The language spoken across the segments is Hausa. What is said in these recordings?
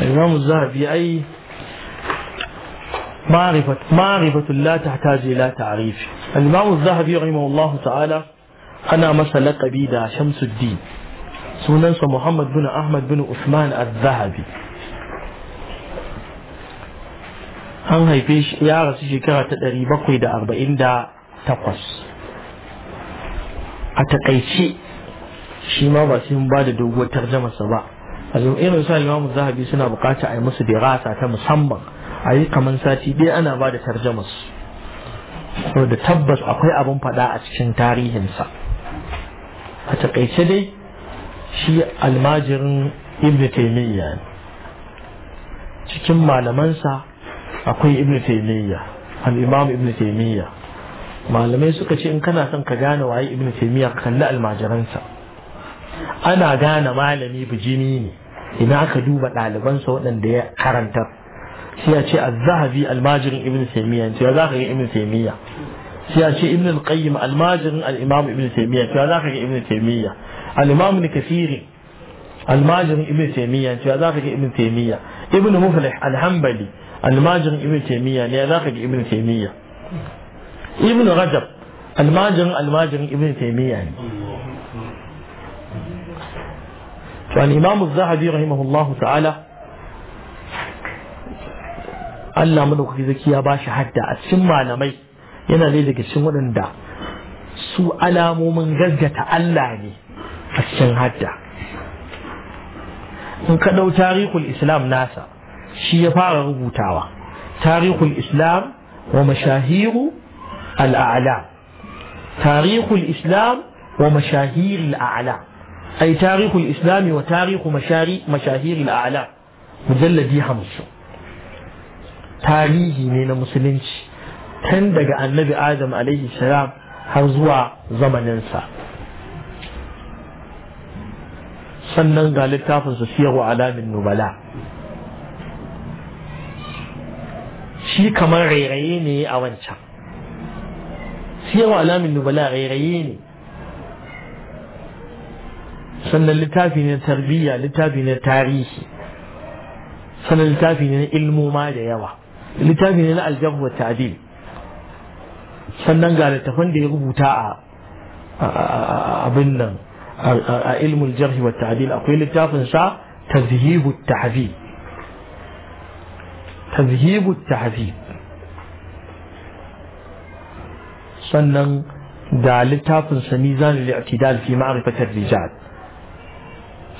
الإمام الذهبي أي معرفة معرفة لا تحتاج إلى تعريف الإمام الذهبي رحمه الله تعالى أنا مثلا قبيدة شمس الدين سننسى محمد بن أحمد بن عثمان الذهبي an haife shi ya rasu shekara ta ɗari bakwai da دا تقص أتقيشي شما بسيم بعد دوغو ترجمة sai irin sa imamu zahabi suna bukata a yi musu dirasa ta musamman a yi kamar sati ɗaya ana ba da tarjama su da tabbas akwai abin faɗa a cikin tarihinsa a taƙaice dai shi almajirin ibn taimiyya cikin malamansa akwai ibn taimiyya al-imam ibn taimiyya malamai suka ce in kana son ka gane waye ibn taimiyya ka kalli almajiransa ana gane malami bijimi ne ina aka duba ɗalibansa waɗanda ya karanta sai ya ce az-zahabi almajirin ibn taymiya to ya zaka ga ibn taymiya sai ya ce ibn al-qayyim almajirin al-imam ibn taymiya to ya zaka ga ibn taymiya al-imam ibn kathiri almajirin ibn taymiya to ya zaka ga ibn taymiya ibn muflih al-hanbali almajirin ibn taymiya ne ya zaka ga ibn taymiya ibn rajab almajirin almajirin ibn taymiya ne فالإمام الذهبي رحمه الله تعالى Allah madaukaki zaki ya ba shi hadda a cikin malamai yana ne daga cikin waɗanda su alamomin gaggata Allah ne a cikin hadda in ka ɗau tarihul islam nasa shi ya fara rubutawa tarihul islam wa mashahiru al'ala tarihul islam wa mashahiri al'ala أي تاريخ الإسلام وتاريخ مشاري مشاهير الأعلى مجلد يحمس تاريخي من المسلمين تندق عن النبي آدم عليه السلام هرزوا زمن ننسى sannan ga littafinsa siyarwa alamin nubala shi kamar rairaye ne a wancan siyarwa alamin nubala rairaye ne sannan littafi ne tarbiyya littafi ne tarihi sannan littafi ne ilmoma da yawa littafi ne na aljabu wa ta'dil sannan ga littafin da ya rubuta a abin nan a ilmul jarhi wa ta'dil akwai littafin sa tazhibu tahzib tazhibu tahzib sannan da littafin sa mizan al-i'tidal fi ma'rifatir rijal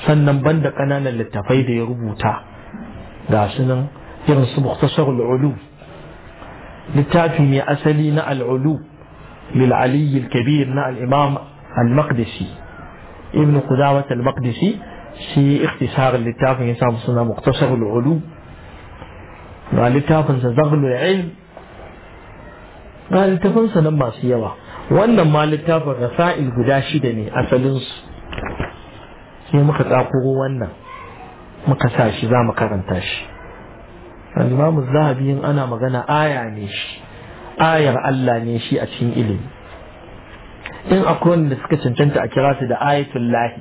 sannan banda kananan littafai da ya rubuta ga su nan irin su muktasar al'ulu littafi mai asali na al al'ulu lil ali al kabir na al-imam al-maqdisi ibn qudamah al-maqdisi shi ikhtisar littafin ya samu suna muktasar al'ulu ga littafin sa zaghlu al ilm ga littafin sa nan masu yawa wannan ma littafin rasa'il guda shida ne asalin su sai muka tsakuro wannan muka sa shi za mu karanta shi al-imamu zahabi in ana magana aya ne shi ayar Allah ne shi a cikin ilimi in akwai wanda suka cancanta a kira su da ayatul lahi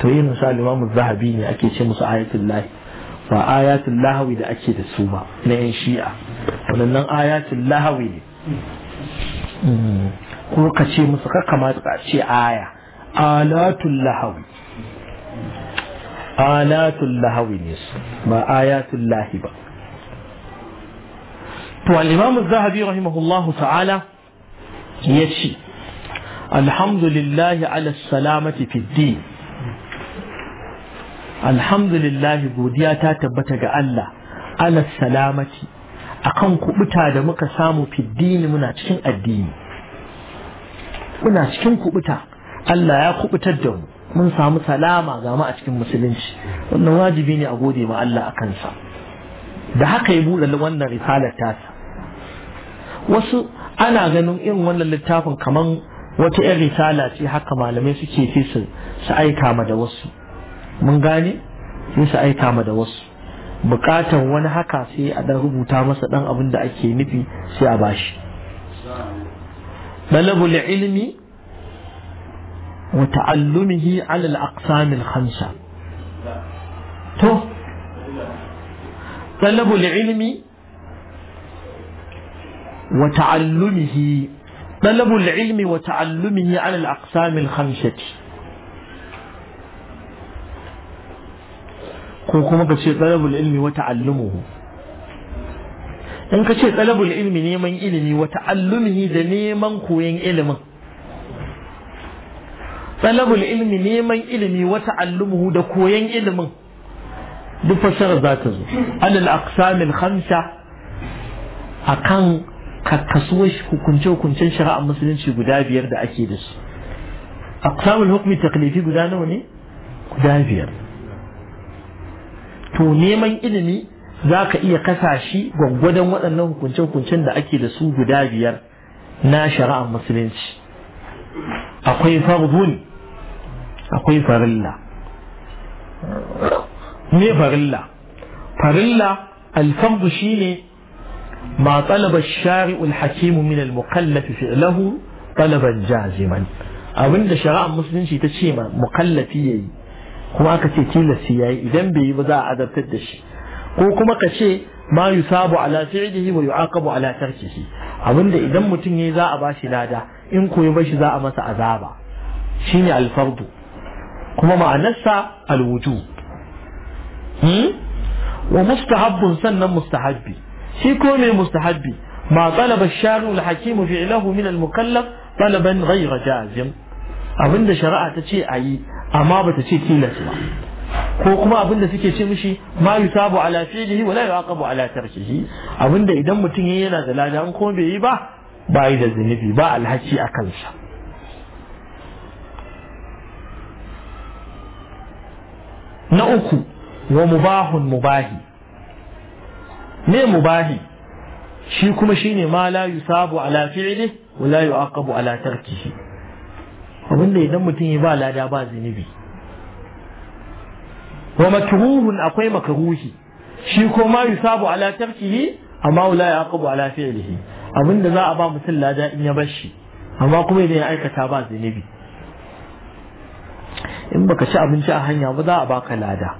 to yin musa al-imamu zahabi ne ake ce musu ayatul lahi ba ayatul lahawi da ake da su ba na yan shi'a wannan ayatul lahawi ne ko ka ce musu ka kamata ka ce aya alatul lahawi آلات الله وينيس ما آيات الله با والإمام الذهبي رحمه الله تعالى يشي الحمد لله على السلامة في الدين الحمد لله بوديا تاتبتا الله على السلامة أقام كبتا دمك سامو في الدين من أجل الدين من أجل كبتا الله يا كبتا دمك mun samu salama ga mu a cikin musulunci wannan wajibi ne a gode ma Allah a kansa da haka ya buɗe wannan risalar tasa wasu ana ganin irin wannan littafin kaman wata yan risala ce haka malamai suke fi su su aika ma da wasu mun gane sai su aika ma da wasu bukatar wani haka sai a dan rubuta masa dan abin da ake nufi sai a bashi talabul ilmi وتعلمه على الأقسام الخمسة تو طلب العلم وتعلمه طلب العلم وتعلمه على الأقسام الخمسة كوكوما كشي طلب العلم وتعلمه إن كشي طلب العلم نيما إلمي وتعلمه دنيما كوين إلمه talabul ilmi neman ilimi wa ta'allumuhu da koyan ilimin duk fasara za ta zo alal aqsamil khamsa akan kakkasuwar hukunce hukuncen shari'ar musulunci guda biyar da ake da su aqsamul hukmi taklifi guda nawa ne guda biyar to neman ilimi za ka iya kasa shi gwaggwadon waɗannan hukunce-hukuncen da ake da su guda biyar na shari'ar musulunci akwai fardun akwai farilla me farilla farilla alfardu shine ma talaba shari'ul hakimu min al-mukallafi fi'lahu talaban jaziman abinda shari'ar musulunci ta ce ma mukallafi yayi kuma aka ce tilasi yayi idan bai yi ba za a azabtar da shi ko kuma ka ce ma yusabu ala fi'lihi wa yu'aqabu ala tarkihi abinda idan mutum yayi za a bashi lada in koyi bashi za a masa azaba shine alfardu kuma ma'anarsa alwuju hmm? wa mustahabbun sannan mustahabbi shi ko mai mustahabbi ma talaba sharu alhakimu fi'lahu min almukallaf talaban ghayra jazim abinda shari'a ta ce ayi amma bata ce tilas ba ko kuma abinda suke ce mishi ma yusabu ala fi'lihi wa la yuqabu ala tarkihi abinda idan mutum yayi yana da lada an kuma bai yi ba ba yi da zunubi ba alhaki a kansa na uku wa mubahun mubahi ne mubahi shi kuma shi ne ma la yusabu ala fi'li wa la yu'aqabu ala tarkihi abinda idan mutum ya ba lada ba zunubi wa makruhun akwai makruhi shi kuma yusabu ala tarkihi amma la yu'aqabu ala ne. abin da za a ba mutum lada in ya bar shi amma kuma idan ya aikata ba zunubi in baka ci abinci a hanya ba za a baka lada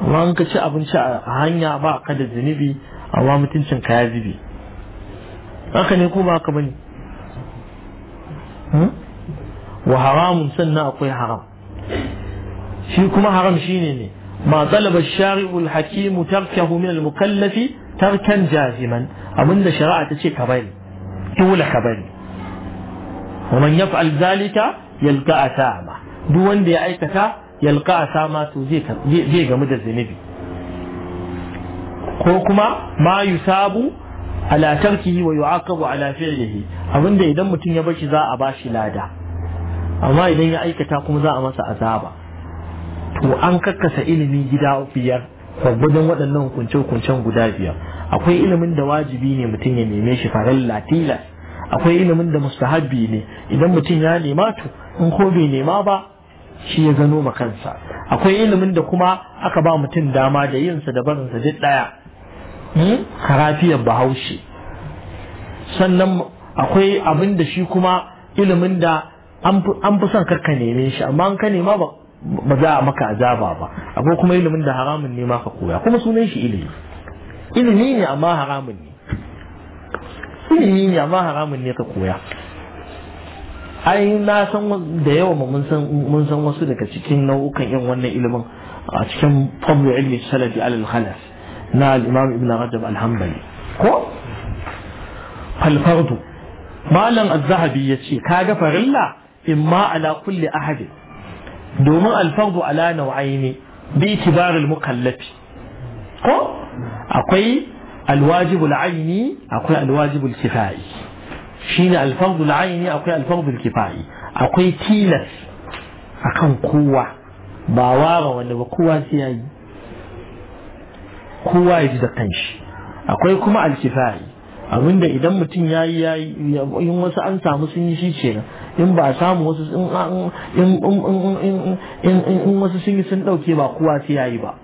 amma in ka ci abinci a hanya ba ka da zunubi amma mutuncin ka ya zube haka ne ko ba haka bane wa haramun sannan akwai haram shi kuma haram shine ne ma talaba shari'ul hakimu tarkahu min al-mukallafi tarkan jaziman abinda shari'a ta ce ka bari dole ka bari ومن يفعل ذلك يلقى أثاما duk wanda ya aikata yalka a sama to zai gamu da zinibi ko kuma mayu ma yusabu ala yi wa yu'aqabu ala fi'lihi abinda idan mutum ya bashi za a shi lada amma idan ya aikata kuma za a masa azaba to an kakkasa ilimi gida biyar gwaggwadon waɗannan hukunce-hukuncen guda biyar akwai ilimin da wajibi ne mutum ya neme shi farilla latila akwai ilimin da mustahabbi ne idan mutum ya nema to in ko bai nema ba shi ya zano ma kansa akwai ilimin da kuma aka ba mutum dama da yinsa da barinsa duk ɗaya hmm? karafiyar bahaushe sannan akwai abin da shi kuma ilimin da an fi son karka neme shi amma an ka nema ba za a maka azaba ba akwai kuma ilimin da haramun nema ka koya kuma sunan shi ilimi ilimi ne amma haramun ne ilimi ne amma haramun ne ka koya ai na san da yawa mun san mun san wasu daga cikin nau'ukan yin wannan ilimin a cikin fadlu ilmi salafi alal khalas na al-imam ibn rajab al-hanbali ko fal fardu malam az-zahabi yace kaga farilla imma ala kulli ahad domin al-fardu ala naw'aini bi itibar al-mukallafi ko akwai alwajibul aini akwai alwajibul kifayi shine alfardul aini akwai alfardul kifayi akwai tilas akan kowa ba wara wanda ba kowa sai ya yi kowa ya ji da kanshi akwai kuma alkifayi abinda idan mutum ya yi ya yi wasu an samu sun yi shi kenan in ba a samu wasu in wasu sun yi sun ɗauke ba kowa sai ya yi ba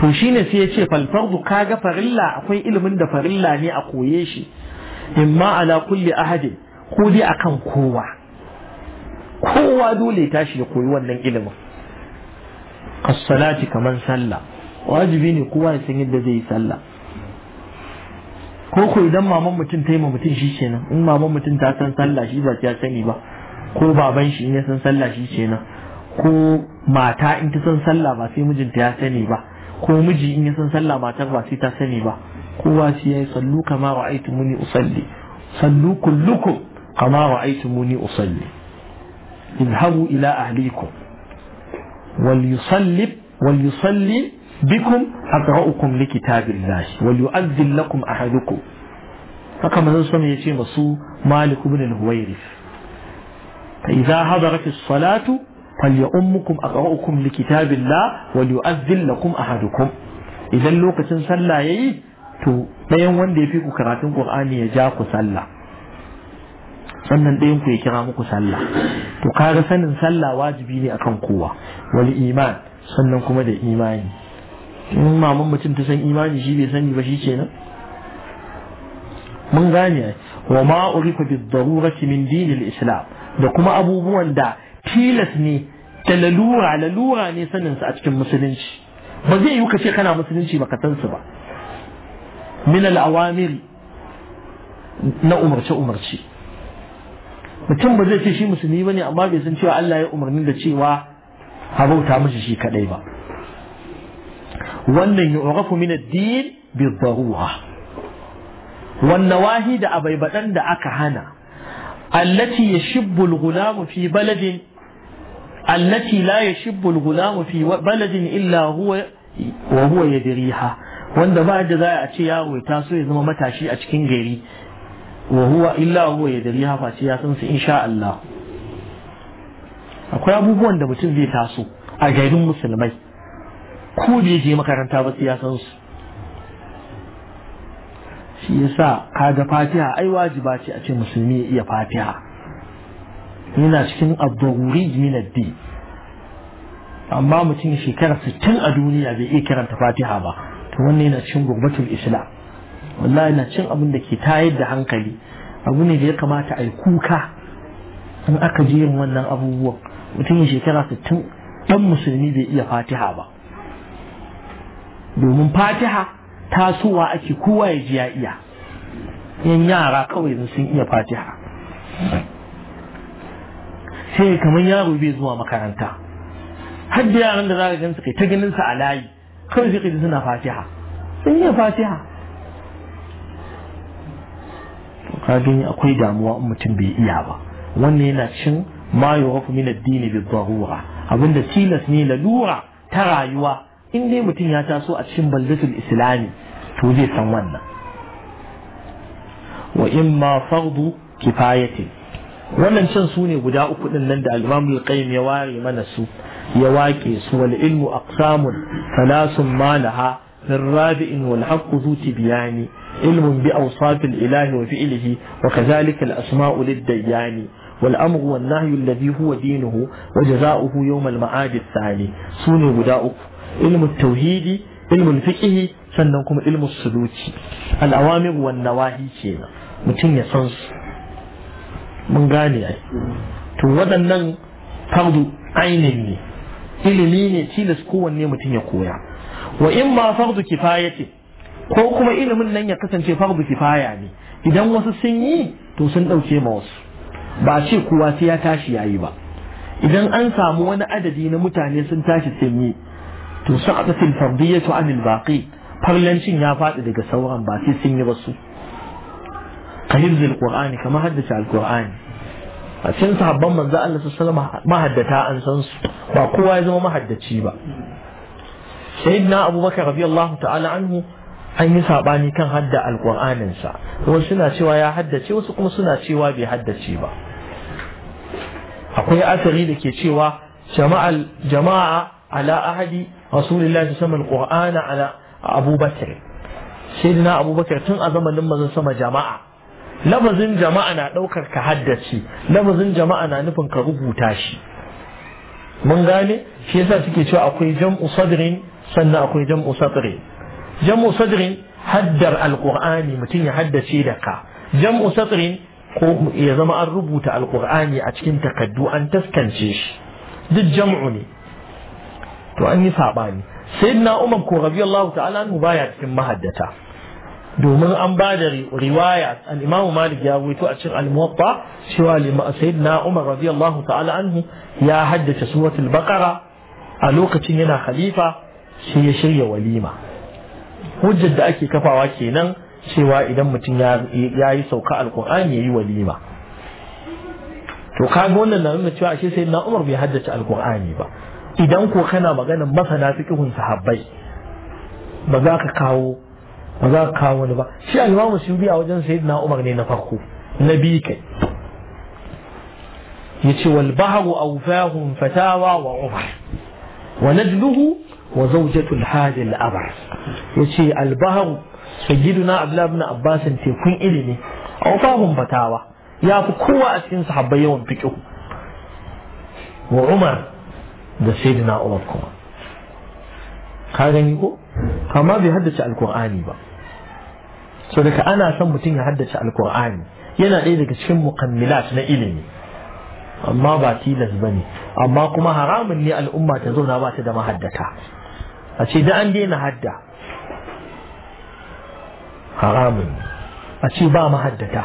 to shi ne sai ce fal ka kaga farilla akwai ilimin da farilla ne a koye shi ma ala kulli ahadin ko dai akan kowa kowa dole ya tashi ya koyi wannan ilimin as-salati kaman sallah wajibi ne kowa ya san yadda zai yi sallah ko ko idan maman mutum ta yi ma mutum shi kenan in maman mutum ta san sallah shi ba ta sani ba ko baban shi ne san sallah shi kenan ko mata in ta san sallah ba sai mijinta ya sani ba ko miji in ya san sallah matar ba sai ta sani ba kowa shi yayi sallu kama ra'aytu muni usalli sallu kullukum kama ra'aytu muni usalli idhabu ila ahlikum wal wal yusalli yusalli bikum وليصلي وليصلي بكم أقرأكم لكتاب الله وليؤذن لكم أحدكم فكما نسمع يتي مسو مالك بن الهويرث فإذا حضرت الصلاة فليؤمكم أقرأكم لكتاب الله وليؤذن لكم أحدكم إذا لوقت صلى يي تو ɗayan wanda ya fi ku karatun Qur'ani ya sannan ɗayan ku ya kira muku sallah to kaga sanin sallah wajibi ne akan kowa wal iman sannan kuma da imani in maman mutum ta san imani shi bai sani ba shi kenan mun gane wa ma urifa bi darurati min dinil islam da kuma abubuwan da tilas ne da lalura lalura ne sanin su a cikin musulunci ba zai yi kace kana musulunci baka san su ba min al-awamiri na umarce umarce mutum ba zai ce shi musulmi bane amma bai san cewa Allah ya umarni da cewa a bauta mishi shi kadai ba wannan ya yu'rafu min ad-din bi ad-darura wan nawahi da abaibadan da aka hana allati yashibbu al-ghulam fi allati la yashibbu al-ghulam fi baladin illa huwa wa huwa yadriha wanda ba da a ce yaro ya taso ya zama matashi a cikin gari wa huwa fa ce ya san su akwai abubuwan da mutum zai taso a garin musulmai ko bai je makaranta ba ya san su shi yasa kaga fatiha ai wajiba ce a ce musulmi ya iya fatiha yana cikin abdururi min addi amma mutum shekara 60 a duniya bai iya karanta fatiha ba to wannan yana cikin gurbatul isla wallahi na cin abin da ke tayar da hankali abu ne da ya kamata a yi kuka in aka je yin wannan abubuwan mutum shekara 60 dan musulmi bai iya fatiha ba domin fatiha tasowa ake kowa ya ji ya iya yan yara kawai sun iya fatiha sai kamar yaro bai zuwa makaranta har da yaran da za ka gan su kai ta ganin a layi kawai sai kai suna fatiha sun yi fatiha ka gani akwai damuwa in mutum bai iya ba wannan yana cin ma yuwafu min ad-din bi darura abinda tilas ne lalura ta rayuwa in dai mutum ya taso a cikin baldatul islami to zai san wannan wa imma fardu kifayatin wannan can su ne guda uku din nan da al-Imam qayyim ya ware mana su ya wake su wal ilmu aqsamun thalathun malaha laha min rabi'in wal haqqu zu tibyani ilmun bi awsafil ilahi wa fi'lihi wa kadhalika al-asma'u lid-dayyani والأمر والنهي الذي هو دينه وجزاؤه يوم المعاد الثاني سوني بداؤك علم التوحيد علم الفقه سنكم علم السلوك الأوامر والنواهي كينا متين يسنس mun gane ai to waɗannan fardu ainihin ne ilimi ne tilas kowanne mutum ya koya wa in ma fardu kifaya ce ko kuma ilimin nan ya kasance fardu kifaya ne idan wasu sun yi to sun ɗauke ma wasu ba ce kowa sai ya tashi ya yi ba idan an samu wani adadi na mutane sun tashi sun yi to sa'atatul fardiyatu anil baqi farlancin ya faɗi daga sauran ba sai sun yi ba su ka hizzil qur'ani ka mahaddace Alƙur'ani. a cikin sahabban manzo Allah sallallahu mahaddata an san su ba kowa ya zama mahaddaci ba sayyidina abubakar radiyallahu ta'ala anhu an yi sabani kan hadda alqur'anin sa wasu suna cewa ya haddace wasu kuma suna cewa bai haddace ba akwai asali da ke cewa jama'a jama'a ala ahadi rasulullahi sallallahu alaihi wasallam ala abubakar sayyidina abubakar tun a zamanin manzon sama jama'a lafazin jama'a na ɗaukar ka haddace lafazin jama'a na nufin ka rubuta shi mun gane shi yasa suke cewa akwai jam'u sadrin sannan akwai jam'u sadrin jam'u sadrin haddar alqur'ani mutum ya haddace da ka jam'u sadrin ko ya zama an rubuta alqur'ani a cikin takaddu an taskance shi duk jam'u ne to an yi sabani sayyidina umar ko radiyallahu ta'ala anhu baya cikin mahaddata domin an ba da riwaya al-Imam Malik ya wuto a cikin al-Muwatta cewa sayyidina Umar radiyallahu ta'ala anhu ya haddace suratul Baqara a lokacin yana khalifa sai ya shirya walima hujjar da ake kafawa kenan cewa idan mutum ya yi sauka alkur'ani ya yi walima to kaga wannan na nuna cewa ashe sayyidina Umar bai haddace alkur'ani ba idan ko kana maganar masana fiqhun sahabbai ba za ka kawo ba za ka kawo wani ba shi al'imamu suyuti a wajen sayyidina umar ne na farko na biyu kai yace wal bahru awfahum fatawa wa umar wa najluhu wa zawjatul hadi al abar yace al bahru sayyiduna abdullah ibn abbas tekun ilimi awfahum fatawa ya fi kowa a cikin sahabbai yawan fiqh wa umar da sayyidina umar kuma ka gani ko amma bai haddace alkur'ani ba so daga ana son mutum ya haddace alkur'ani yana ɗaya daga cikin mukammilat na ilimi amma ba tilas ba ne amma kuma haramun ne al'umma ta zauna ba ta da mahaddata a ce da an daina hadda haramun a ce ba mahaddata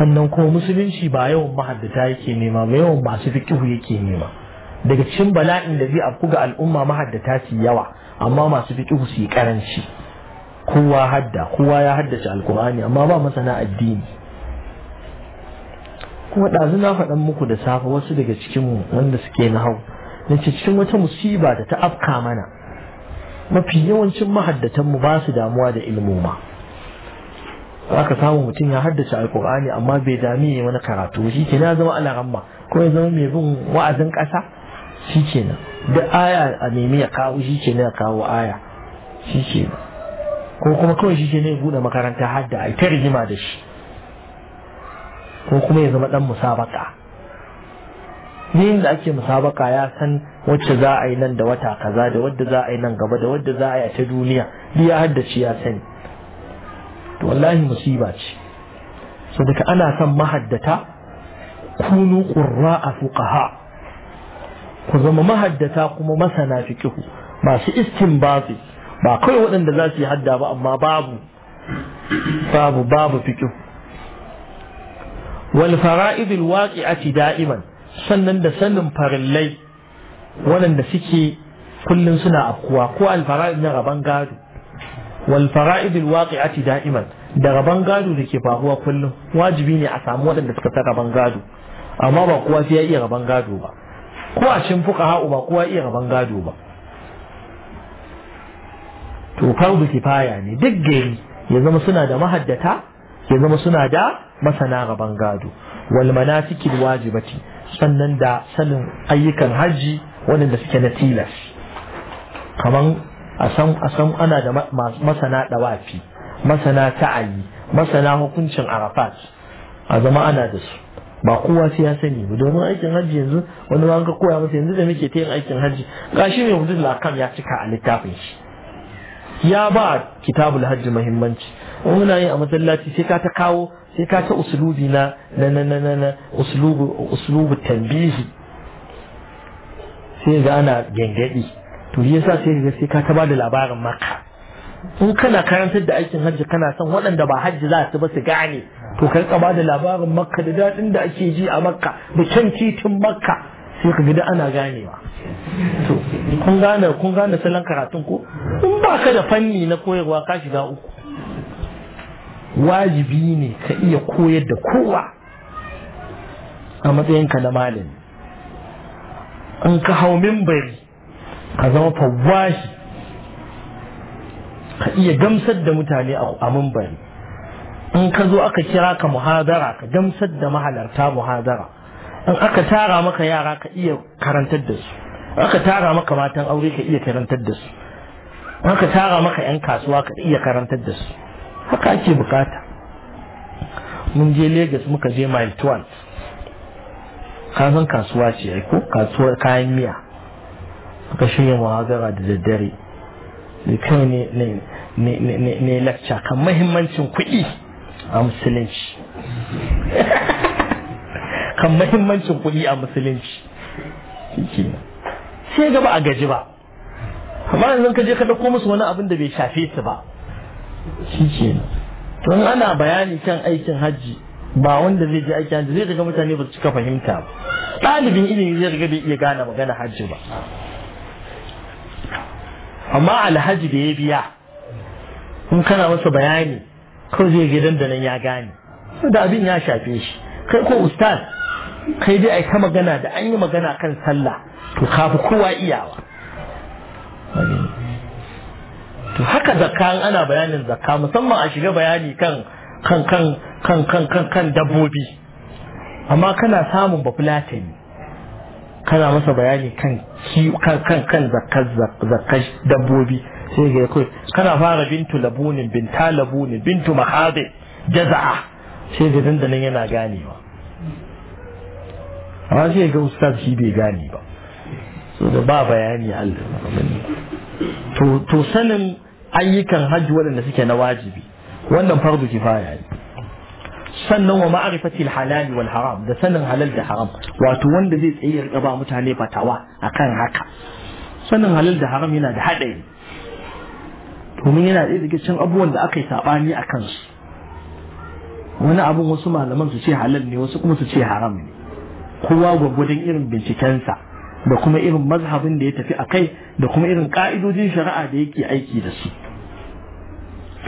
sannan kuma musulunci ba yawan mahaddata yake nema ba yawan masu fiƙihu yake nema daga cikin bala'in da zai afku ga al'umma mahaddata su yawa amma masu fiqhu su yi karanci kowa hadda kowa ya haddace alkur'ani amma ba masana addini kuma ɗazu na faɗan muku da safe wasu daga mu wanda suke na hau na cikin wata musiba da ta afka mana mafi yawancin mahaddatanmu ba su damuwa da ilmoma za ka samu mutum ya haddace alkur'ani amma bai dami ya wani karatu shi ke na zama alaramma ko ya zama mai bin wa'azin ƙasa shi na, da aya a nemi ya kawo shi na ya kawo aya shi na ko kuma kawai shi na ya buɗe makaranta har da ta rigima da shi ko kuma ya zama ɗan musabaka ni da ake musabaka ya san wacce za a yi nan da wata kaza da wadda za a yi nan gaba da wadda za a yi a ta duniya ya haddace ya sani to wallahi musiba ce so ana son mahaddata kunu qurra'a fuqaha ku zama mahaddata kuma masana fiqhu masu istinbati ba kai waɗanda za su yi hadda ba amma babu babu babu fiqhu wal fara'id al waqi'ati da'iman sannan da sanin farillai waɗanda suke kullun suna afkuwa ko al fara'id na raban gado wal fara'id al waqi'ati da'iman da raban gado da ke faruwa kullum wajibi ne a samu waɗanda suka ta raban gado amma ba kowa sai ya iya raban gado ba ko a cin fuka ha'u ba kowa iya rabon gado ba to fardu kifaya ne duk gari ya zama suna da mahaddata ya zama suna da masana rabon gado wal manasikil wajibati sannan da sanin ayyukan hajji waɗanda suke na tilas Kamar a san a san ana da masana dawafi masana ta'ayi masana hukuncin arafat a zama ana da su ba kowa sai ya sani ba domin aikin hajji yanzu wani ran ka koya masa yanzu da muke ta yin aikin hajji gashi mai hudud lakam ya cika a littafin shi ya ba kitabul hajji muhimmanci muna yi a masallaci sai ka ta kawo sai ka ta usulubi na na na na na usulubu usulubu tambihi sai ga ana gengedi to yasa sai ga ka ta bada labarin maka in kana karantar da aikin hajji kana son waɗanda ba hajji za su ba su gane to ka rika da labarin makka da daɗin da ake ji a makka da can titin makka sai ka gida ana ganewa to kun gane kun gane salon karatun ko in ba ka da fanni na koyarwa ka shiga uku wajibi ne ka iya koyar da kowa a matsayinka na malami in ka hau mimbari ka zama fawwashi ka iya gamsar da mutane a mumbari in ka zo aka kira ka muhadara ka gamsar da mahalarta muhadara in aka tara maka yara ka iya karantar da su in aka tara maka matan aure ka iya karantar da su in aka tara maka 'yan kasuwa ka iya karantar da su haka ake bukata mun je Legas muka je mile 12 kasuwa ce ko kasuwar kayan miya aka shirya muhadara da daddare kai ne lakca kan mahimmancin kuɗi a musulunci kan mahimmancin kuɗi a musulunci sai gaba a gaji ba amma yanzu ka je ka ɗauko musu wani abin da bai shafe su ba shi ke don ana bayani kan aikin hajji ba wanda zai je aikin hajji zai daga mutane ba su cika fahimta ba ɗalibin ilimi zai riga bai iya gane magana hajji ba amma alhaji da ya biya in kana masa bayani kawai zai ga dandanan ya gane da abin ya shafe shi kai ko ustaz kai dai ai ta magana da an yi magana kan sallah to kafi kowa iyawa to haka zakka ana bayanin zakka musamman a shiga bayani kan kan kan kan kan kan dabbobi amma kana samun bafulatani kana masa bayani kan kan kan zakkar dabbobi sai ga kai kana fara bintu labunin binta labunin bintu mahabe jaza'a sai ga dan nan yana ganewa amma sai ga ustaz shi bai gane ba so da ba bayani to to sanin ayyukan hajji waɗanda suke na wajibi wannan fardu kifaya ne sannan wa ma'arifatil halali wal haram da sanin halal da haram wato wanda zai tsaye ya ba mutane fatawa akan haka sanin halal da haram yana da haɗari domin yana ɗaya daga cikin abubuwan da aka yi saɓani a kansu wani abun wasu malaman su ce halal ne wasu kuma su ce haram ne kowa gwagwadon irin bincikensa da kuma irin mazhabin da ya tafi a kai da kuma irin ƙa'idojin shari'a da yake aiki da su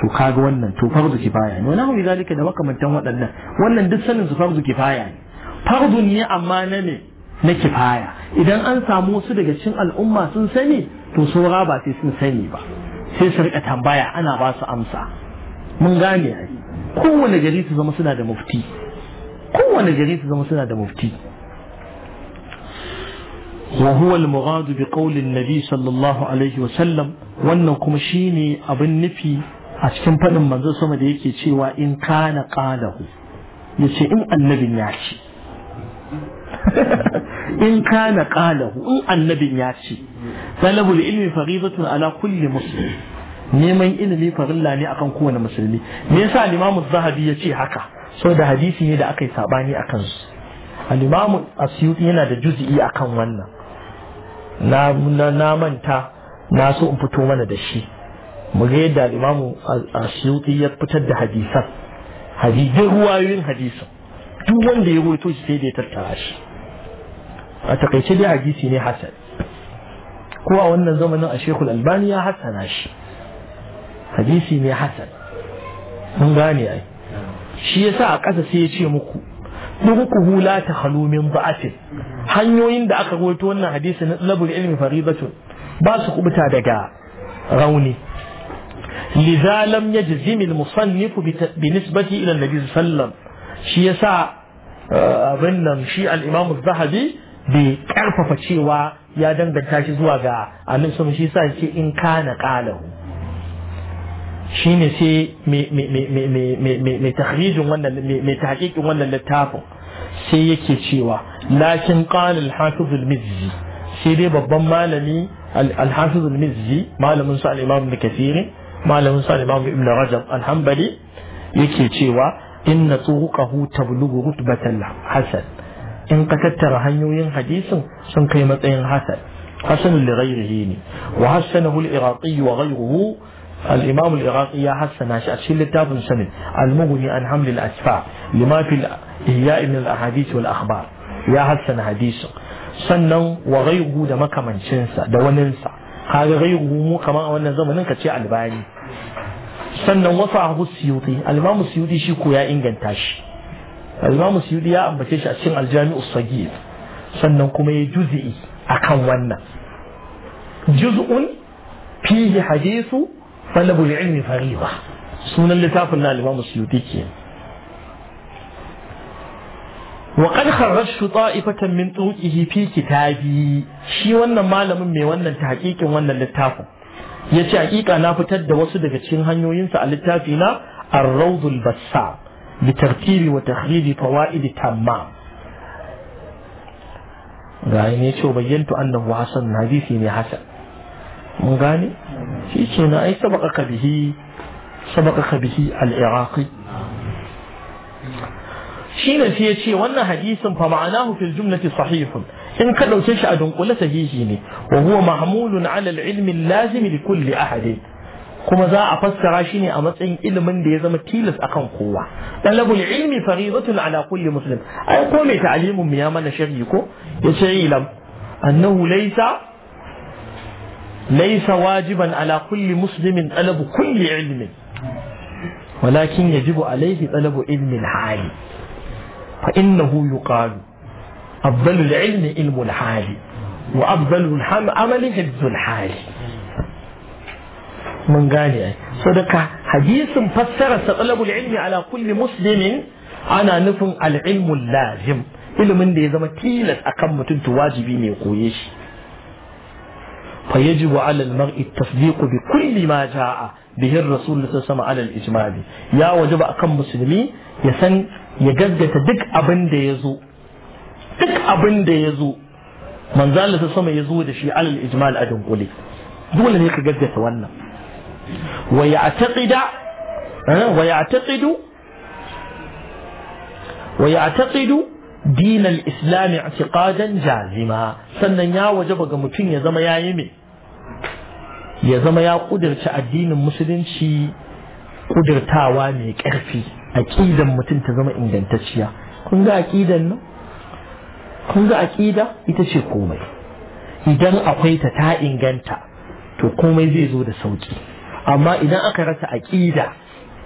to kaga wannan to farzu kifaya ne wani hau zalika da makamantan waɗannan wannan duk sanin su farzu kifaya ne farzu ne amma na ne na kifaya idan an samu wasu daga cikin al'umma sun sani to saura ba sai sun sani ba sai su rika tambaya ana ba su amsa mun gane ai kowane gari su zama suna da mufti kowane gari su zama suna da mufti وهو المراد بقول النبي صلى الله عليه وسلم نفي a cikin faɗin manzo sama da yake cewa in kana qalahu yace in annabin ya ce in kana qalahu in annabin ya ce talabul ilmi faridatun ala kulli muslim neman ilimi farilla ne akan kowane musulmi me yasa al-imam az-zahabi yace haka saboda hadisi ne da aka yi sabani akan su al-imam yana da juz'i akan wannan na na manta na so in fito mana da shi mu ga yadda imamu asyuti ya fitar da hadisan hadisai ruwayoyin hadisan duk wanda ya ruwaito shi sai da ya tattara shi a takaice dai hadisi ne hasan ko a wannan zamanin a shekul albani ya hasana shi hadisi ne hasan mun gane ai shi yasa a ƙasa sai ya ce muku dukuhu la takhlu min da'atin hanyoyin da aka goto wannan hadisi na labul ilmi faridatun ba su kubuta daga rauni liza lam yajzim al-musannif binisbati ila nabi sallallahu shi sa abin nan shi al zahabi bai karfafa cewa ya danganta shi zuwa ga annabi sallallahu shi yasa yake in kana qalahu ne sai mai tahrijin wannan mai tahakikin wannan littafin sai yake cewa lakin qala al-hafiz mizzi sai dai babban malami al-hafiz mizzi malamin su al da al malamin sa imam ibn rajab al-hanbali yake cewa inna turuqahu tablughu rutbatal hasan in ka tattara hanyoyin hadisin sun kai matsayin hasan hasan li ghayrihi ne wa hasanahu al-iraqi wa ghayruhu الإمام العراقي يا حسن أشيل التاب سنة المغني عن حمل الأسفار لما في الإحياء من الأحاديث والأخبار يا حسن حديث سنة وغيره دمك من شنسة دوننسة kaga ghairu mu kamar a wannan zamanin ka ce albani sannan wasu ahu siyuti al-imamu siyuti shi ko ya inganta shi al-imamu siyuti ya ambace shi a cikin aljami'u jamiu sagir sannan kuma ya juz'i akan wannan juz'un fihi hadithu talabul ilmi fariba sunan littafin na al-imamu siyuti kenan وقد خرجت طائفة من طوقه في كتابي شي وانا ما لم من وانا تحقيق وانا للتاف يتي حقيقة انا فتد وصد كتشين هنيو ينسى للتافينا الروض البساء بترتيب وتخريج فوائد تمام gani ce bayyanta annan wasan na hadisi ne hasan mun gane shi ce na ai sabaka kabihi sabaka kabihi al-iraqi shine sai ya ce wannan hadisin fa ma'anahu fil jumlati sahihun in ka dauke shi a dunkule sahihi ne wa huwa mahmulun ala al-ilmi al-lazim li kulli ahadin kuma za a fassara shi ne a matsayin ilimin da ya zama tilas akan kowa talabul ilmi faridatun ala kulli muslim ai ko mai ta'alimin mu ya mana sharhi ko ya ce ilam annahu laysa laysa wajiban ala kulli muslimin talabu kulli ilmin ولكن يجب عليه طلب علم الحالي فإنه يقال أفضل العلم علم الحال وأفضل العمل حفظ الحال من قال يعني؟ صدق حديث فسر طلب العلم على كل مسلم أنا نفهم العلم اللازم ilimin من ya zama tilas akan mutum to wajibi فيجب على المرء التصديق بكل ما جاء به الرسول صلى الله عليه وسلم على الإجماع يا وجب أكم مسلمي يسن يجدد دك أبن يزو دك أبن يزو من ذا الله صلى يزو دشي على الإجمال أدم قولي دول هيك جدد وانا ويعتقد ويعتقد ويعتقد dinal islami i'tiqadan jazima sannan ya wajaba ga mutum ya zama yayi me ya zama ya kudirce addinin musulunci ƙudirtawa mai A ƙidan mutum ta zama ingantacciya kun ga aƙidan nan kun ga aqida ita ce komai idan akwai ta ta inganta to komai zai zo da sauƙi. amma idan aka rasa aƙida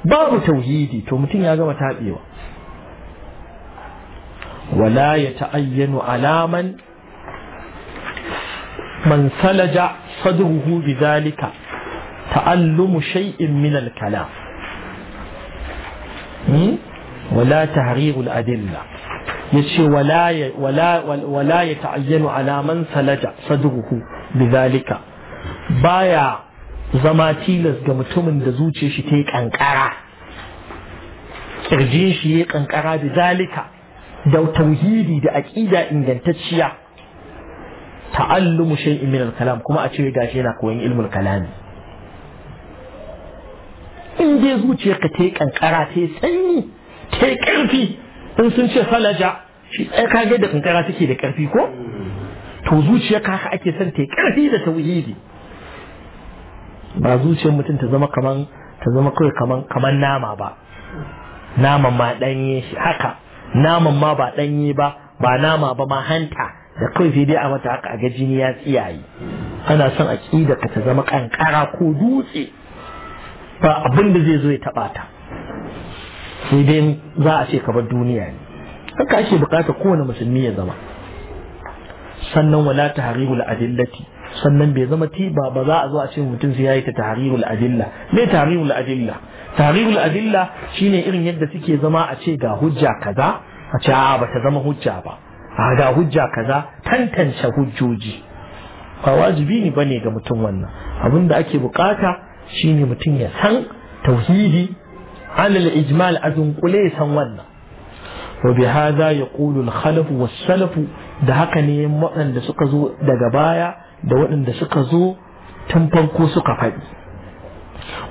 babu tauhidi to mutum ya gama taɓewa. ولا يتعين على من من سلج صدره بذلك تعلم شيء من الكلام ولا تهريغ الأدلة يشي ولا ولا ولا يتعين على من سلج صدره بذلك بايا زماتي tilas ga mutumin da أنكارا shi ta بذلك da tauhidi da aqida ingantacciya ta'allumu shay'in min al-kalam kuma a ce gashi yana koyon ilmul kalami in dai zuciyarka ta yi kankara ta yi sanyi ta yi karfi in sun ce falaja shi tsaye ka ga da kankara take da karfi ko to zuciyar ka ake son ta yi karfi da tauhidi ba zuciyar mutum ta zama kaman ta zama kawai kaman kaman nama ba naman ma danye shi haka naman ma ba ɗanye ba ba nama ba ma hanta da kawai sai dai a mata haka a ga jini ya tsiyaye ana son a da ka ta zama kankara ko dutse ba abin da zai zo ya taɓa ta sai dai za a ce ka bar duniya ne haka ake bukata kowane musulmi ya zama sannan wala ta tahribul adillati sannan bai zama tiba ba za a zo a ce mutum sai yayi ta tahrirul adilla me tahrirul adilla tahrirul adilla shine irin yadda suke zama a ce ga hujja kaza a ce a ba ta zama hujja ba a ga hujja kaza tantance hujjoji ba wajibi ne bane ga mutum wannan abin da ake bukata shine mutum ya san tauhidi alal ijmal azun kule san wannan wa bi hadha yaqulu al khalaf was salaf da haka ne waɗanda suka zo daga baya da waɗanda suka zo tun farko suka faɗi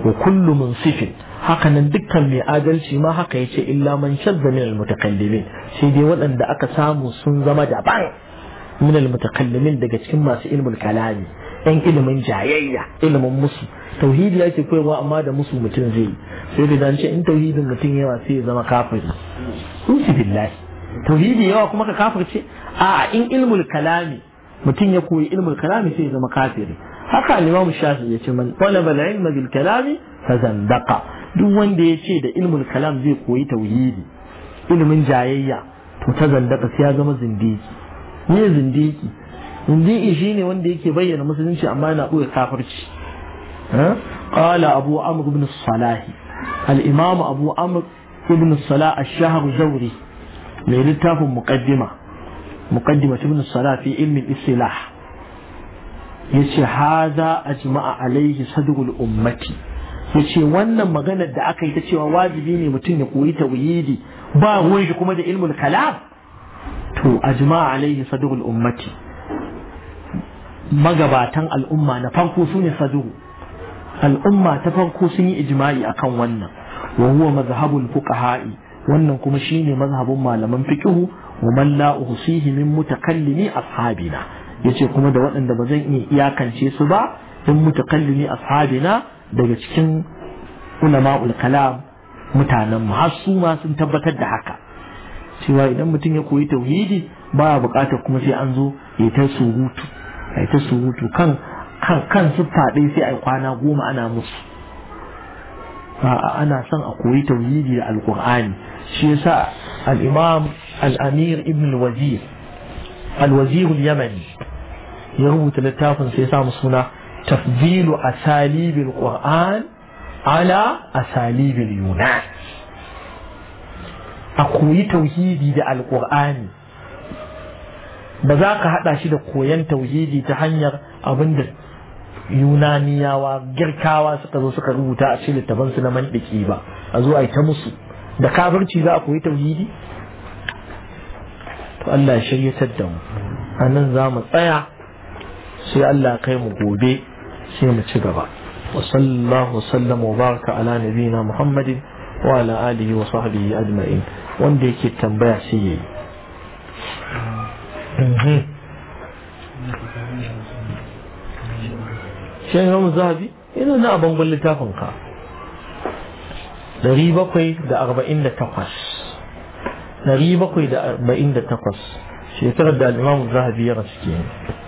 wa kullu sifin hakanan dukkan mai adalci ma haka ya ce illa man shadda min almutakallimin sai dai waɗanda aka samu sun zama daban min almutakallimin daga cikin masu ilmul kalami yan ilimin jayayya ilimin musu tauhidi yake koyarwa amma da musu mutum zai yi sai da ce in tauhidin mutum yawa sai ya zama kafiri usu billahi tauhidi yawa kuma ka kafirce a in ilmul kalami mutum ya koyi ilmin kalami sai ya zama kafiri haka al-imam shafi ya ce man talaba al-ilma bil kalami fa zandaqa duk wanda ya ce da ilmin kalam zai koyi tauhidi ilmin jayayya to ta zandaka sai ya zama zindiki ne zindiki zindiki shine wanda yake bayyana musulunci amma yana ɓoye kafirci qala abu amr ibn salah al-imam abu amr ibn salah ash-shahr zawri mai littafin muqaddima مقدمة ابن الصلاة في علم الاصطلاح yace haza ajma'a alaihi sadrul ummati yace wannan maganar da aka yi ta cewa wajibi ne mutum ya koyi tauhidi ba ruwan shi kuma da ilmul kalam to ajma'a alaihi sadrul ummati magabatan al'umma na farko sune sadru al'umma ta farko sun yi ijma'i akan wannan wa huwa mazhabul fuqaha'i wannan kuma shine mazhabin malaman fiqhu wa man la uhsihi min mutakallimi ashabina yace kuma da waɗanda ba zan iya iyakance su ba in mutakallimi ashabina daga cikin ulama'ul kalam mutanen mu har su ma sun tabbatar da haka cewa idan mutum ya koyi tauhidi ba buƙatar kuma sai an zo ya ta surutu ya ta sai a kwana goma ana musu a'a ana son a koyi tauhidi da alqur'ani shi yasa al-imam الأمير ابن الوزير الوزير اليمني يروي تلتاف سيسام سنة تفضيل أساليب القرآن على أساليب اليونان أقوي توحيدي دا القرآن بذاك حتى شد قوين توحيدي تحنير ابند يونانيا girkawa suka zo suka rubuta a بكيبا littafansu na mandiki ba a zo da kafirci za a koyi tauhidi to Allah ya shiryatar da mu a nan za mu tsaya sai Allah kai mu gobe sai mu ci gaba wa sallallahu sallam wa baraka ala nabiyina muhammadin wa ala alihi wa sahbihi ajma'in wanda yake tambaya sai yayi mhm. shan yawon zahabi Ina na a bangon littafin ka 748 نريبك إلى أربعين دقص شيء ترد الإمام الذهبي رشكين